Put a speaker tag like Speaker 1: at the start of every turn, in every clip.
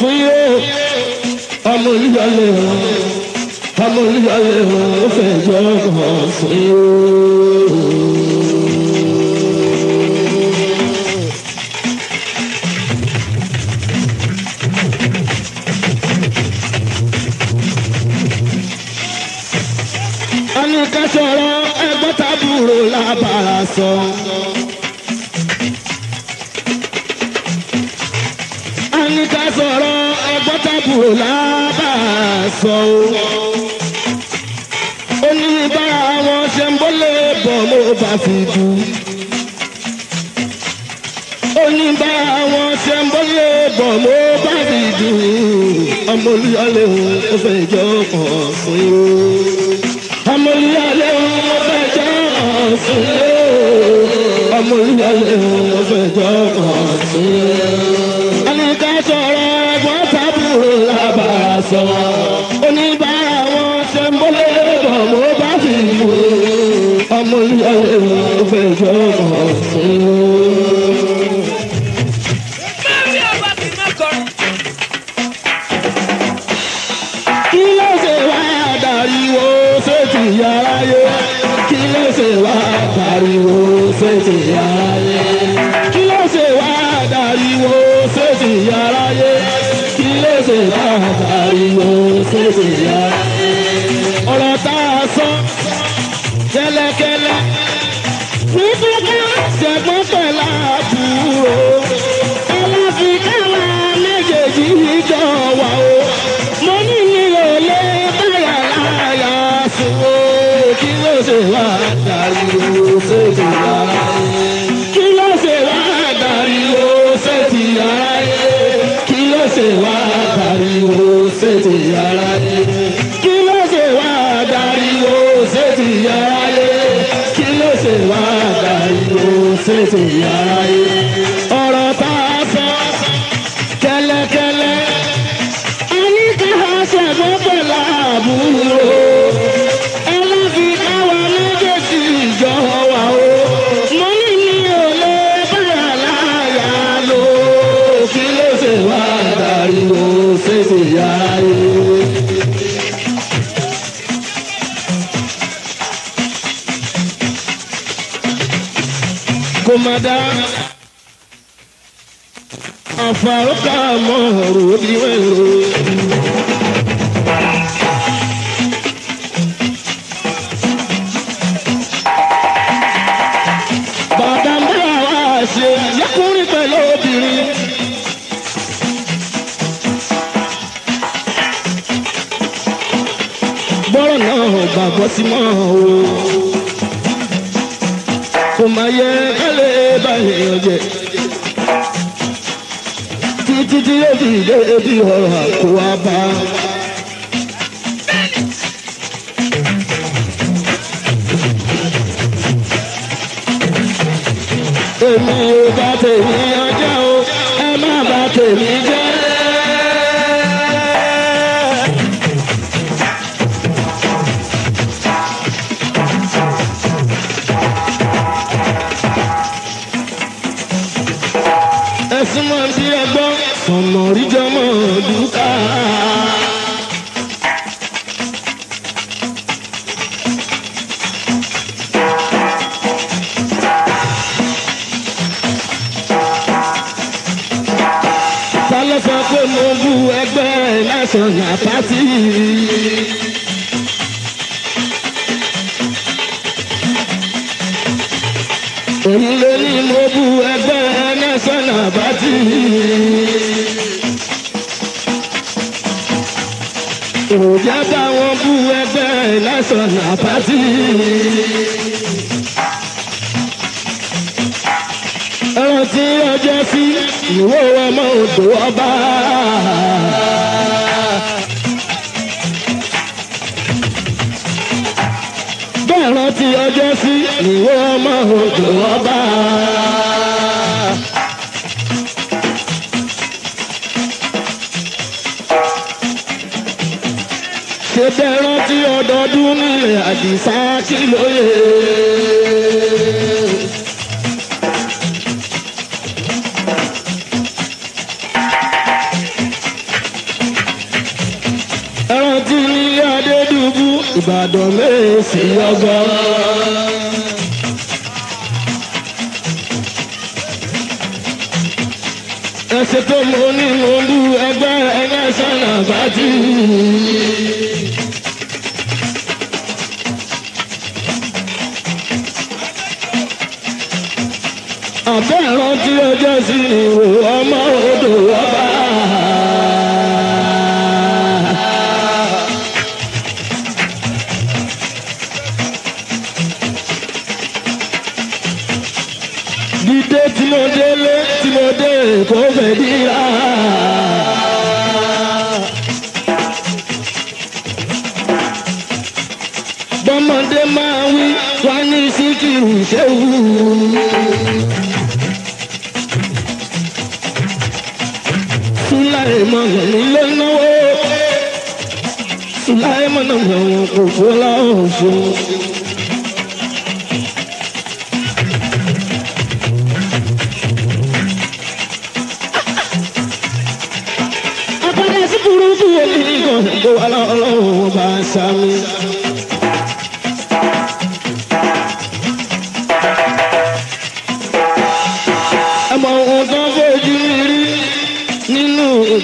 Speaker 1: fún yé ọmọ olúyọlé o ọmọ olúyọlé ó fẹjọ́ kàn fún yé. ní ká sọ̀rọ̀ agbọ́tàbùrò lábàásọ o. ó ní bá àwọn ṣe ń bọ́lẹ̀ bọ̀ mo bá fi dù. ó ní bá àwọn ṣe ń bọ́lẹ̀ bọ̀ mo bá fi dù. ọmọ olùyọlé o ó fẹ́ jọ ọkọ̀ ọ̀sùn o. ọmọ olùyọlé o ó fẹ́ jọ ọ̀sùn o. ọmọ olùyọlé o ó fẹ́ jọ ọkọ̀ ọ̀sùn o. sọ̀wọ́. oníbàárà wọn ṣe ń bọ́lé bọ̀ mo bá sì wò ọmọ ìyàwó ò fẹ́ jọ mọ̀ fún un. kí ló ṣèṣe bá pariwo ṣèṣe yá. ọ̀rọ̀ tá a sọ kẹ́lẹ́kẹ́lẹ́ wíwúwú jẹ̀gbọ́n pẹ̀lú àbúrò aláfikàlà méjèèjì jọ wà o mo ní ti yàrá yé kí ló ṣe wá darí o ṣe ti yàrá yé kí ló ṣe wá darí ṣe ti yàrá yé. kò má dá. àfàrúkà mọ̀ ọ̀rọ̀ òdiwọ̀n ìlú. bàdà ń bá náà gbàgbọ́ sí mọ́ o. débi ọ̀rọ̀ kó wá bá. èmi ò bá tèmi ọjọ́ o ẹ má bá tèmi jẹ́. ẹ̀sùn mọ̀ sí ẹgbọ́n ọmọ oríjọmọ dúkà. sọ pé mo bú ẹgbẹ́ lásán àpáti. Èmi ló ní mo bú ẹgbẹ́ já bá wọn bú ẹgbẹ́ lásánà pátì. ẹran tí ọjọ́ sí ìwọ ọmọ odò ọba. bẹ́ẹ̀ rántí ọjọ́ sí ìwọ ọmọ odò ọba. lóye àdìsá kí lóye. ẹran tí ilé adédùbú ìbàdàn mẹ́sì ọgbọ́n. ẹsẹ̀ tó mọ nínú olú ẹgbẹ́ ẹgbẹ́ sọ̀nà bá ti. ṣé ìrántí ọjọ́ sí ìwò ọmọ odò ọba. dídé tí mo délé tí mo dé kò fẹ́ díra. bọ́mọdé máa wí wá ní síkìrì ṣéwù. Sulaimanu nílé náwó. Sulaimanu àwọn kò fọlá ọ̀ṣun. Apẹ̀lẹ̀ sí burúkú omi nìkan kò wá lọ́wọ́ bá a sá mi.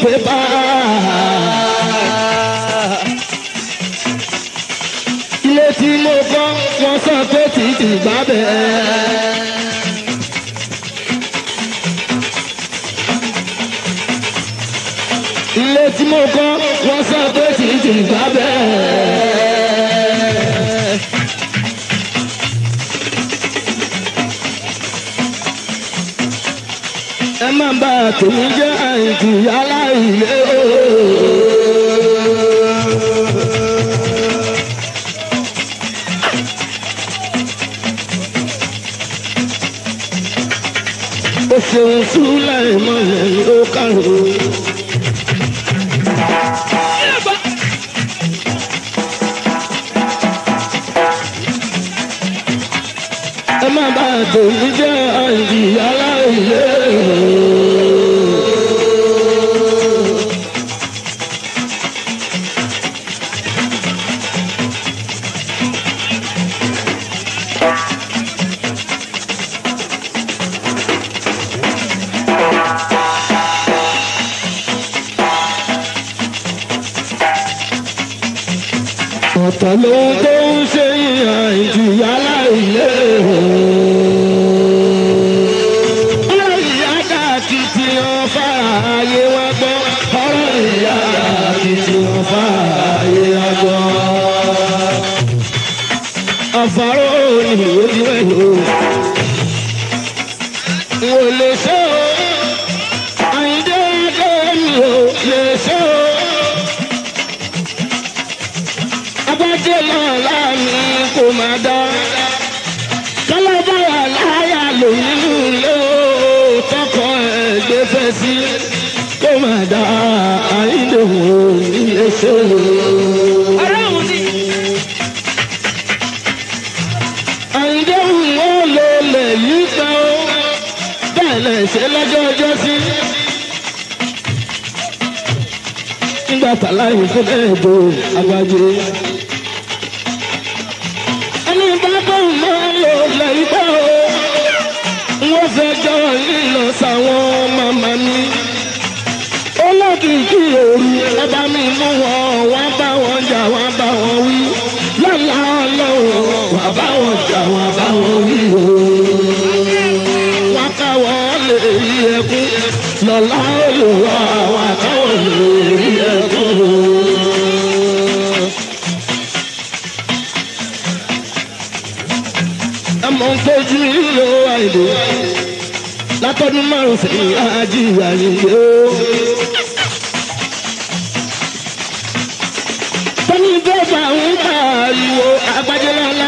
Speaker 1: gbé bá. ilé tí mo kọ́ wọ́n sọ pé tí ti gbá bẹ́ẹ̀. ilé tí mo kọ́ wọ́n sọ pé tí ti gbá bẹ́ẹ̀. nọ́mbà tó ń jẹ́ àìjù aláìlé o. ó ṣeun súnlẹ̀ ìmọ̀lẹ̀ ni ó kàrò. ẹ má bàa tòun jẹ́ àìjù aláìlé o. tẹ̀lé tó ń ṣe ìhà ìjìyà láìlé o. ọ̀rọ̀ ìyá káàkiri ti ọ̀fà ayé wa gbọ́. ni ìwé ti lò. yóò máa láàánú kò máa dá. Kálábà wà láyà lò nínú ilé o, tọkọ ẹ̀ gbé fẹ́ sí. Kò máa dá àyíndòwò ilé ṣe o. Ọlọ́run ni. Àyíndòwò wọn lò lè yí ta o, bẹ́ẹ̀ lè ṣe lọ́jọ́ ọjọ́ sí. Nígbà tàlàyé fún ẹ̀ẹ́dọ̀ àgbájé. láàrú àwọn àtàwọn lórí ẹ̀kọ́. ẹmọ ń péjú ìlú àìlè látọdún márùn sẹ́yìn ajíwà nílé o. tọ́ni dọ́gba pariwo agbájẹ́lá